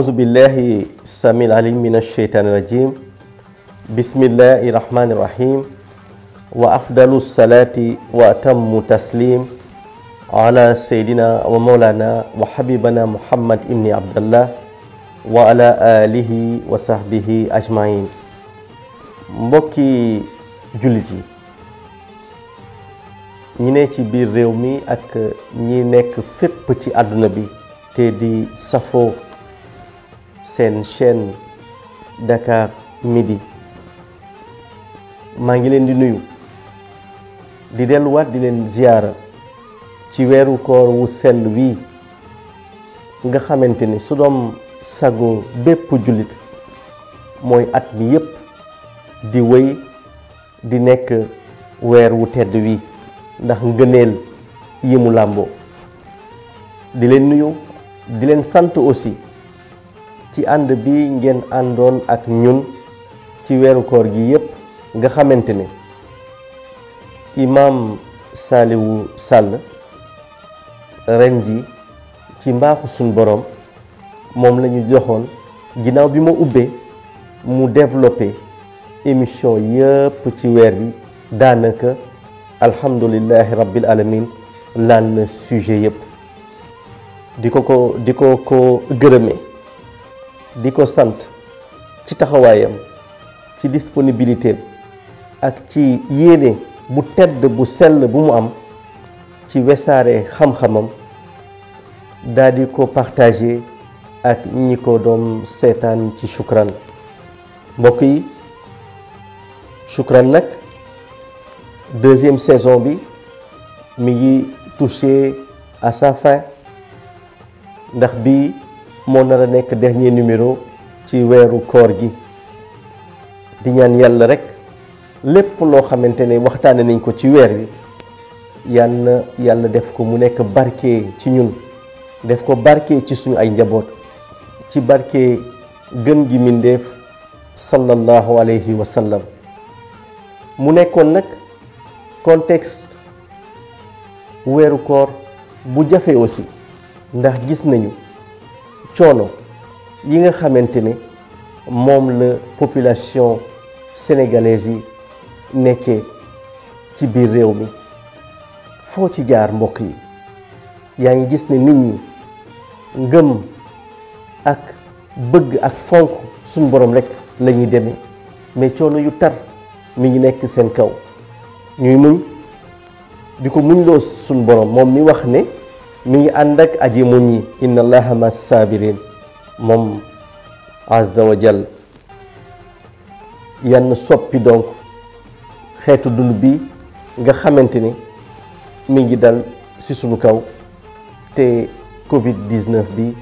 أعوذ بالله السميع العليم من الشيطان الرجيم بسم الله الرحمن الرحيم وأفضل الصلاة وأتم تسليم على سيدنا ومولانا وحبيبنا محمد ابن عبد الله وعلى آله وصحبه أجمعين mbokki jullit yi ñi ne ci biir réew mi ak ñi nekk fépp ci àdduna bi te di safoo seen chaîne Dakar Midi maa ngi leen di nuyu di delluwaat di leen ziyaara ci weeru koor wu sell wii nga xamante ni su doom sagoo bépp jullit mooy at mi yépp di wéy di nekk weer wu tedd wii ndax ngëneel yi mu làmboo di leen nuyu di leen sant aussi ci ànd bi ngeen àndoon ak ñun ci weeru koor gi yépp nga xamante ne imaam Saliwu Sall ren ji ci mbaaxu suñ boroom moom lañu joxoon ginnaaw bi ma ubbee mu développé émission yépp ci weer bi daanaka alhamdulillahi rabbil alamin laal na sujet yépp di ko ko di ko ko gërëmee di ko sant ci taxawaayam ci disponibilité ak ci yéene bu tedd bu sell bu mu am ci wesaare xam-xamam daal ko partagé ak ñi ko doom seetaan ci Shukran mbokk yi Shukran nag deuxième saison bi mi ngi touché à sa fin ndax bi moo nar a nekk dernier numéro ci weeru koor gi di ñaan yàlla rekk lépp loo xamante ne waxtaane nañ ko ci weer wi yal na yàlla def ko mu nekk barke ci ñun def ko barke ci suñu ay njaboot ci barke gën gi mindeef sallallahu alayhi wa sallam mu nekkoon nag contexte weeru koor bu jafe aussi ndax gis nañu coono yi nga xamante ne moom la population sénégalaise yi nekkee ci biir réew mi foo ci jaar mbokk yi yaa ngi gis ne nit ñi ngëm ak bëgg ak fonk suñ borom rek la ñuy demee mais coono yu tar mi ngi nekk seen kaw ñuy muñ di ko muñ suñ borom moom mi wax ne mi ngi ànd ak aji muñ yi inna allaha ma sabirin moom azza wa jal yann soppi donc xeetu dund bi nga xamante ni mi ngi dal ci sunu kaw te covid 19 bi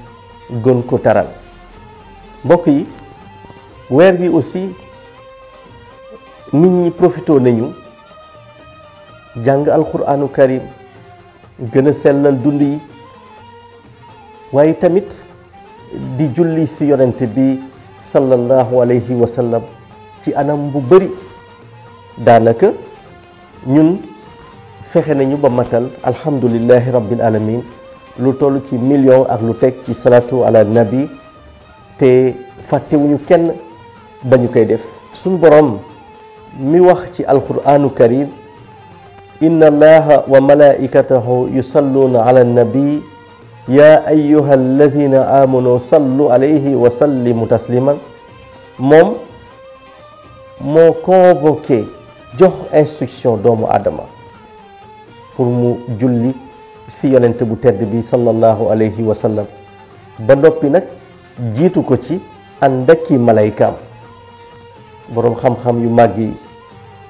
gën ko taral mbokk yi weer bi aussi nit ñi profité nañu jàng alquranu karim gën a sellal dund yi waaye tamit di julli si yonent bi sallallahu alayhi wa sallam ci anam bu bari daanaka ñun fexe nañu ba matal alhamdulillahi rabbil alamin lu toll ci million ak lu teg ci salatu ala nabi te fàttewuñu kenn ba ñu koy def suñ borom mi wax ci alquranu karim إن الله وملائكته يصلون على النبي يا أيها الذين آمنوا صلوا عليه وسلموا تسليما moom moo convoqué jox instruction doomu Adama pour mu julli si yonent bu tedd bi sallallahu alayhi wa sallam ba noppi nag jiitu ko ci ànd ak i malaykaam boroom xam-xam yu màgg yi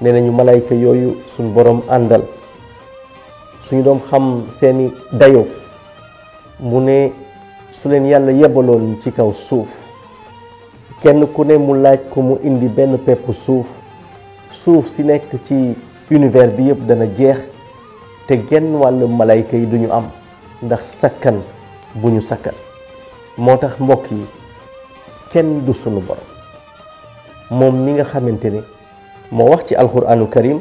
ne nañu malayka yooyu suñu boroom àndal suñu doom xam seeni dayo mu ne su leen yàlla yebaloon ci kaw suuf kenn ku ne mu laaj ko mu indi benn peppu suuf suuf si nekk ci univers bi yëpp dana jeex te genn wàll malayka yi duñu am ndax sakkan bu ñu sakkan moo tax mbokk yi kenn du suñu borom moom mi nga xamante ne moo wax ci alquranu karim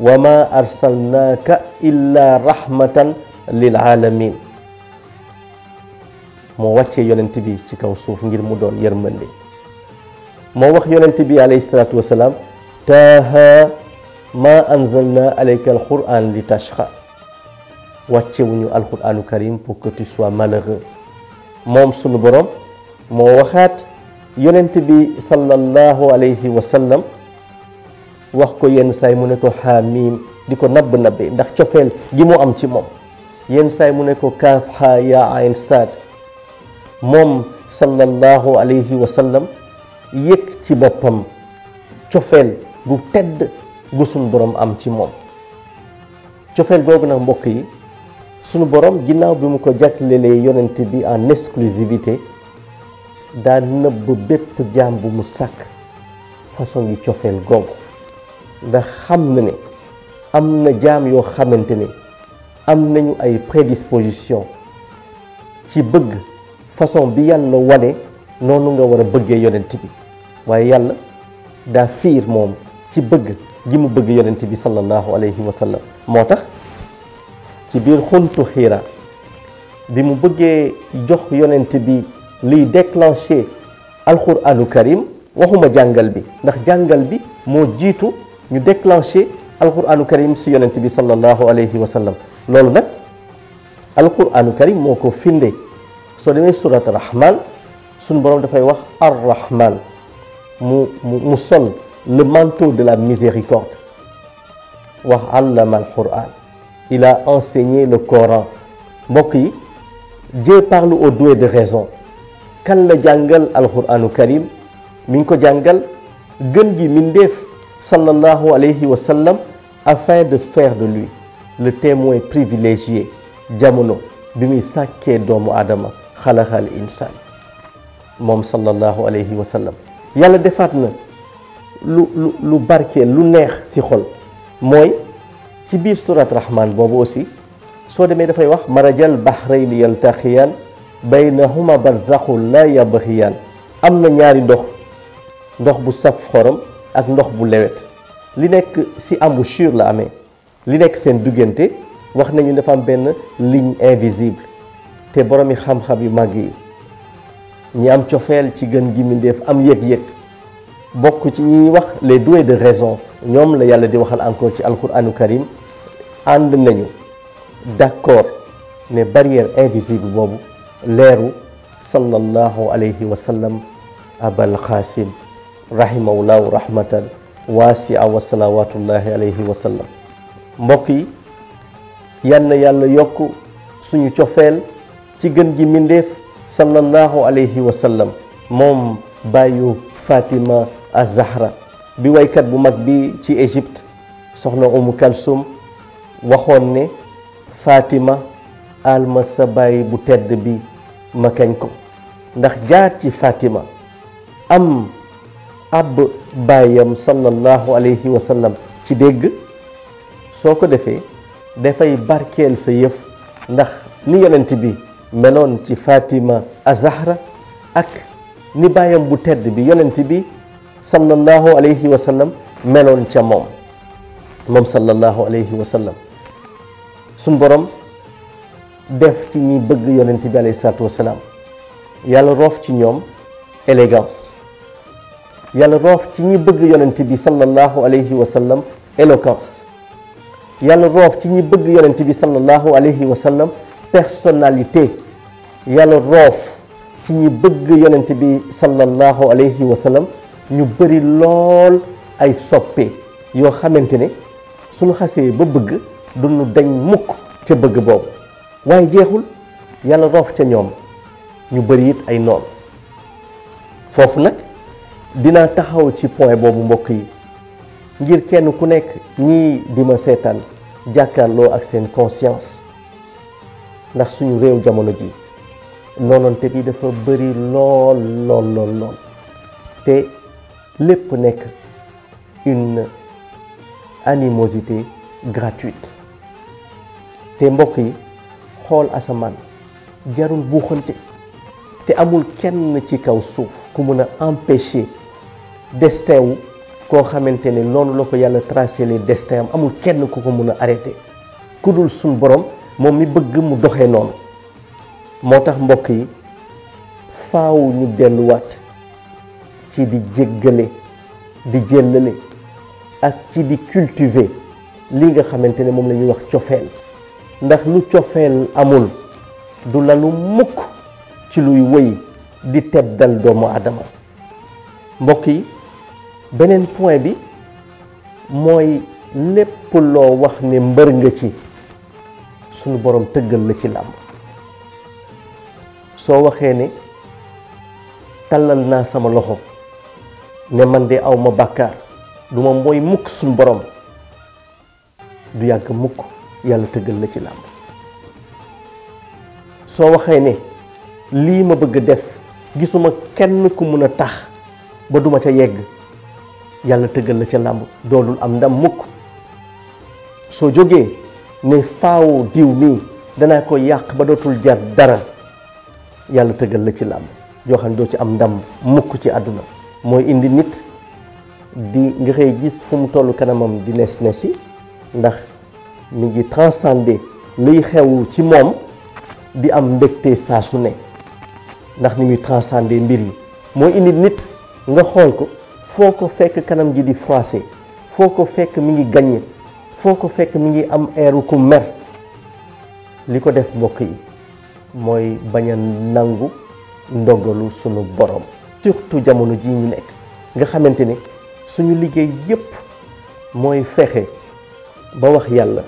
wa ma arsalnaaka illa rahmatan lil alamin moo wàccee yonent bi ci kaw suuf ngir mu doon yërmande moo wax yonent bi alayhi salaatu wasalaam taaha ma anzalna alayka alquran li tashqa wàccewuñu alquranu karim pour que tu sois malheureux moom sunu borom moo waxaat yonent bi sallallahu alayhi wa sallam wax ko yenn saay mu ne ko xaamiim di ko nabb nabbe ndax cofeel gi mu am ci moom yenn saay mu ne ko kaaf xaa yaa ayn moom sallallahu alayhi wa sallam yëg ci boppam cofeel gu tedd gu suñu borom am ci moom cofeel googu nag mbokk yi sunu borom ginnaaw bi mu ko jaglelee yonent bi en exclusivité daa nëbb bépp jaam bu mu sàkk façon gi cofeel googu ndax xam na ne am na jaam yoo xamante ne am nañu ay prédisposition ci bëgg façon bi yàlla wane noonu nga war a bëggee yonent bi waaye yàlla daa fiir moom ci bëgg gi mu bëgg yonent bi sallallahu alayhi wa sallam moo tax ci biir xuntu xiira bi mu bëggee jox yonent bi liy déclenché alquranu karim waxuma jàngal bi ndax jàngal bi moo jiitu ñu déclenché alquranu karim si yonent bi sallallahu alayhi wa sallam loolu nag alquranu karim moo ko finde soo demee surat rahman suñ boroom dafay wax arrahman mu mu sol le manteau de la miséricorde wax allama alquran il a enseigné le coran mbokk yi Dieu parle aux doués de raison kan la jàngal alquranu karim mi ngi ko jàngal gën gi mindeef sallallahu alayhi wa sallam afin de faire de lui le témoin privilégié jamono bi muy sàkkee doomu aadama xalaxal insaan moom sallallahu alayhi wa yàlla defaat na lu lu lu barkeel lu neex si xol mooy ci biir surat rahman boobu aussi soo demee dafay wax marajal bahrayni yaltaqiyaan baynahuma barzaxu la yabxiyaan am na ñaari ndox ndox bu saf xorom ak ndox bu lewet li nekk si am bu embouchure la amee li nekk seen duggante wax nañu dafa benn ligne invisible te boromi xam-xam yu mag yi ñi am cofeel ci gën gi mindeef am yëg-yëg bokk ci ñi wax les doués de raison ñoom la yàlla di waxal encore ci alquranu karim ànd nañu d'accord ne barrière invisible boobu leeru sallallahu alayhi wa sallam abal xaasim rahimahullahu rahmatan waasia wa salawatullahi alayhi wa sallam mbokk yi yal na yàlla yokk suñu cofeel ci gën ji mbindéef sallallahu alayhi wa sallam moom bàyyu Fatima az-Zahra bi waykat bu mag bi ci Égypte soxna Umu Kalsum waxoon ne Fatima alma sa baay bu tedd bi ma kañ ko ndax jaar ci faatima ab bàyyam sallallahu alayhi wa ci dégg soo ko defee dafay barkeel sa yëf ndax ni yonent bi meloon ci Fatima Azahra ak ni bàyyam bu tedd bi yonent bi sallallahu alayhi wa meloon ca moom moom sallallahu alayhi wa sallam suñ borom def ci ñi bëgg yonent bi alayhi salaatu wa salaam yàlla roof ci ñoom élégance yàlla roof ci ñi bëgg yonent bi sallallahu alayhi wa sallam éloquence yàlla roof ci ñi bëgg yonent bi sallallahu alayhi wa sallam personnalité yàlla roof ci ñi bëgg yonent bi sallallahu alayhi wa sallam ñu bari lool ay soppe yoo xamante ne suñu xasee ba bëgg duñu dañ mukk ca bëgg boobu waaye jeexul yàlla roof ca ñoom ñu bëri it ay noon foofu nag dinaa taxaw ci point boobu mbokk yi ngir kenn ku nekk ñii di ma seetaan jàkkaarloo ak seen conscience ndax suñu réew jamono ji noonante bi dafa bëri lool lool lool te lépp nekk une animosité gratuite te mbokk yi xool asamaan jarul buuxante te amul kenn ci kaw suuf ku mun a empêcher destin wu koo xamante ne noonu la ko yàlla tracé les destin am amul kenn ku ko mun a arrêté ku dul suñ borom moom mi bëgg mu doxee noonu moo tax mbokk yi faaw ñu delluwaat ci di jéggale di jëllale ak ci di cultiver li nga xamante ne moom lañuy wax cofeel ndax lu cofeel amul du lalu mukk ci luy wëy di teddal doomu aadama mbokk yi beneen point bi mooy lépp loo wax ne mbër nga ci sunu boroom tëggal la ci làmb soo waxee ne tàllal naa sama loxo ne man de aw ma bàkkaar du ma mooy mukk sunu boroom du yàgg mukk yàlla tëggal la ci làmb soo waxee ne lii ma bëgg def gisuma kenn ku mun a tax ba duma ca yegg yàlla tëggal la ca làmb doolul am ndam mukk soo jógee ne faaw diw mii dana ko yàq ba dootul jar dara yàlla tëggal la ci làmb yoo xam ne doo ci am ndam mukk ci àdduna mooy indi nit di nga koy gis fu mu toll kanamam di nes nesi ndax mi ngi transcender luy xew ci moom di am mbégte saa su ne ndax ni muy transcender mbir yi mooy indi nit nga xool foo ko fekk kanam gi di froissé foo ko fekk mi ngi gagné foo ko fekk mi ngi am airu ku mer li ko def mbokk yi mooy bañ a nangu ndogalu sunu borom. surtout jamono ji ñu nekk nga xamante ni suñu liggéey yépp mooy fexe ba wax yàlla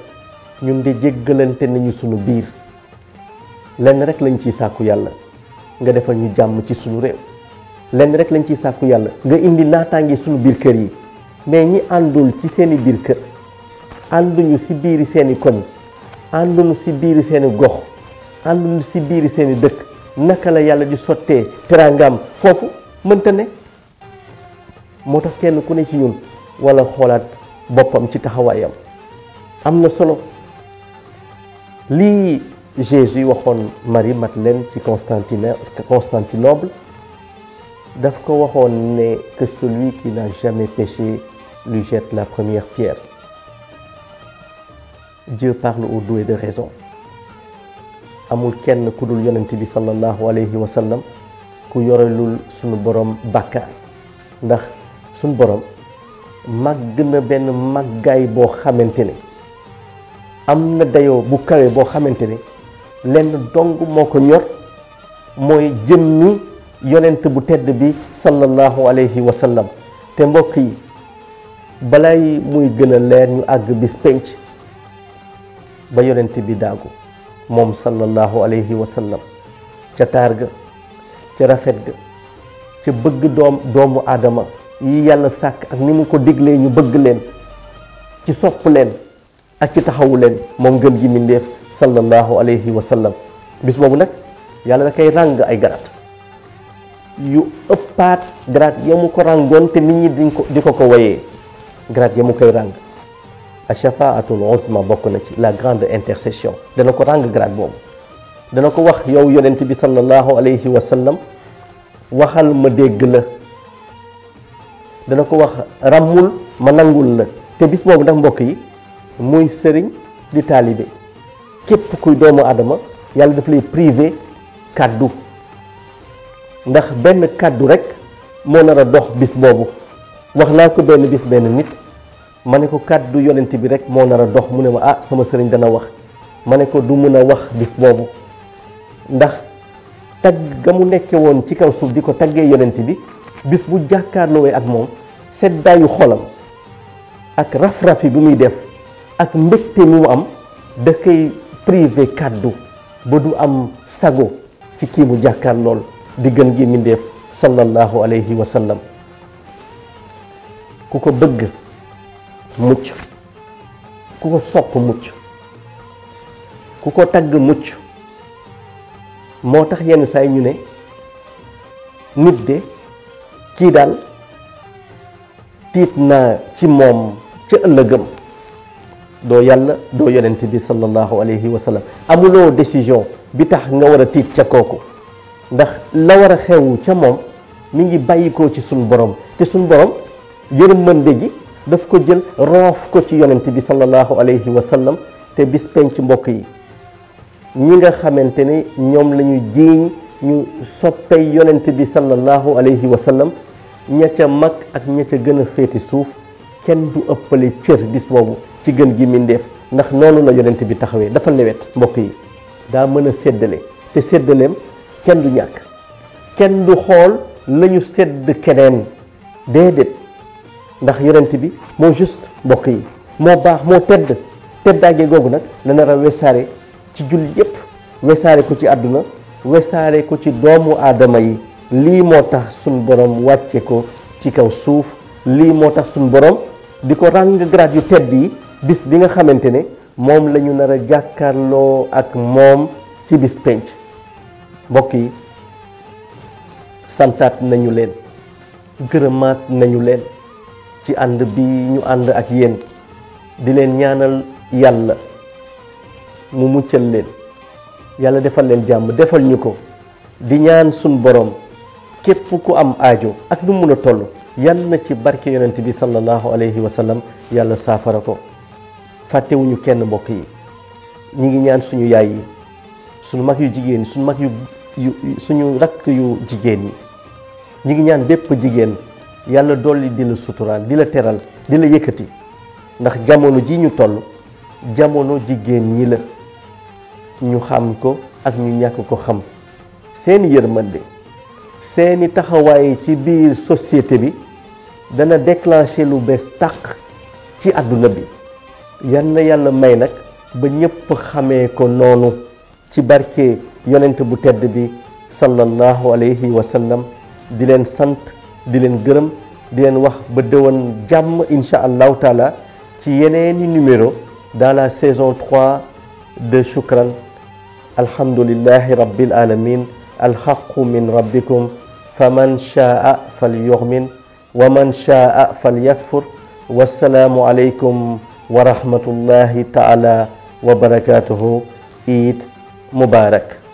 ñun de jéggalante nañu sunu biir lenn rek lañ ciy sàkku yàlla nga defal ñu jàmm ci sunu réew. lenn rek lañ ciy sàkku yàlla nga indi naataange suñu biir kër yi mais ñi àndul ci seeni i biir kër ànduñu si biir seeni i koñ ànduñu si biir seeni gox ànduñu si biir seen i dëkk naka la yàlla di sottee teraangaam foofu mënta ne moo tax kenn ku ne ci ñun wala xoolaat boppam ci taxawaayam am na solo lii Jésus waxoon mat Madeleine ci Constantinople daf ko waxoon ne que celui qui n'a jamais péché lui jette la première pierre Dieu parle aux doués de raison amul kenn ku dul yonent bi sallallahu alayhi wa sallam ku yorelul suñu borom bàkkaar ndax suñu borom màgg na benn màggaay boo xamante ne am na dayoo bu kawe boo xamante ne lenn dong moo ko ñor mooy jëmmi yonent bu tedd bi sallallahu alayhi wa sallam te mbokk yi balay muy gën leen ñu àgg bis penc ba yonent bi daagu moom sallallahu alayhi wa sallam ca taar ga ca rafet ga ca bëgg doomu aadama yi yàlla sàkk ak ni mu ko diglee ñu bëgg leen ci sopp leen ak ci taxawu leen moom gën gi mindeef sallallahu alayhi wa sallam bis boobu nag yàlla da koy ràng ay garat yu ëppaat grade ya mu ko ràngoon te nit ñi di ko di ko ko woyee grade ya mu koy ràng achafaatul uzma bokk na ci la grande intercession dana ko ràng grade boobu dana ko wax yow yonent bi sallallahu alayhi wa sallam waxal ma dégg la dana ko wax ràmmul ma nangul la te bis boobu nag mbokk yi muy sëriñ di taalibe képp kuy doomu adama yàlla daf lay privé kàddu ndax benn kàddu rek moo nar a dox bis boobu wax naa ko benn bis benn nit ma ne ko kàddu yonent bi rek moo nar a dox mu ne ma ah sama sëriñ dana wax ma ne ko du mun a wax bis boobu ndax tagg ga mu nekke woon ci kaw suuf di ko taggee yonent bi bis bu jàkkaarloowee ak moom seddaayu xoolam ak raf bi muy def ak mbégte mi mu am da koy privé kàddu ba du am sago ci kii mu jàkkaar lool di gën gi mbindeef sallallahu alayhi wa sallam ku ko bëgg mucc ku ko sopp mucc ku ko tagg mucc moo tax yenn saay ñu ne nit de kii daal tiit naa ci moom ca ëllëgëm doo yàlla doo yonent bi sallallahu alayhi wa sallam amuloo décision bi tax nga war a tiit ca kooku ndax la war a xewu ca moom mu ngi bàyyikoo ci suñu borom te suñ borom yërmande ji daf ko jël roof ko ci yonent bi sallallahu alayhi wa sallam te bis ci mbokk yi ñi nga xamante ne ñoom la ñu ñu soppey yonent bi sallallahu alayhi wa sallam ña mag ak ña ca gën a féeti suuf kenn du ëppale cër bis boobu ci gën gi mindeef ndax noonu na yonent bi taxawee dafa lewet mbokk yi daa mën a séddale te séddaleem kenn du ñàkk kenn du xool lañu sedd keneen déedéet ndax yonent bi moo juste mbokk yi moo baax moo tëdd teddaage googu nag la nar wesaare ci julli yépp wesaare ko ci àdduna wesaare ko ci doomu aadama yi lii moo tax suñ borom wàcce ko ci kaw suuf lii moo tax suñ borom di ko ràng grade yu tedd yi bis bi nga xamante ne moom lañu ñu nar a jàkkaarloo ak moom ci bis penc mbokk yi santaat nañu leen gërëmaat nañu leen ci ànd bi ñu ànd ak yéen di leen ñaanal yàlla mu muccal leen yàlla defal leen jàmm defal ñu ko di ñaan suñu borom képp ku am aajo ak nu mun a toll yal na ci barke yonent bi sallallahu alayhi wa sallam yàlla saafara ko fàttewuñu kenn mbokk yi ñu ngi ñaan suñu yaay yi suñu mag yu jigéen suñu mag yu suñu rakk yu jigéen yi ñi ngi ñaan bépp jigéen yàlla dolli di la suturaal di la teral di la yëkkati ndax jamono ji ñu toll jamono jigéen ñi la ñu xam ko ak ñu ñàkk ko xam seeni yërmande seeni taxawaay ci biir société bi dana déclencher lu bees tàq ci àdduna bi yan yàlla may nag ba ñépp xamee ko noonu ci barke yonent bu tedd bi sallallahu alayhi wa sallam di leen sant di leen gërëm di leen wax ba dëwan jàmm incha allahu taala ci yeneeni numéro dans la saison 3 de Shukran alhamdulillahi rabbil alamin alhaqu min rabbikum faman shaa falyu'min wa man shaa falyakfur wassalaamu alaykum wa rahmatullahi taala wa barakatuhu Eid Mubarak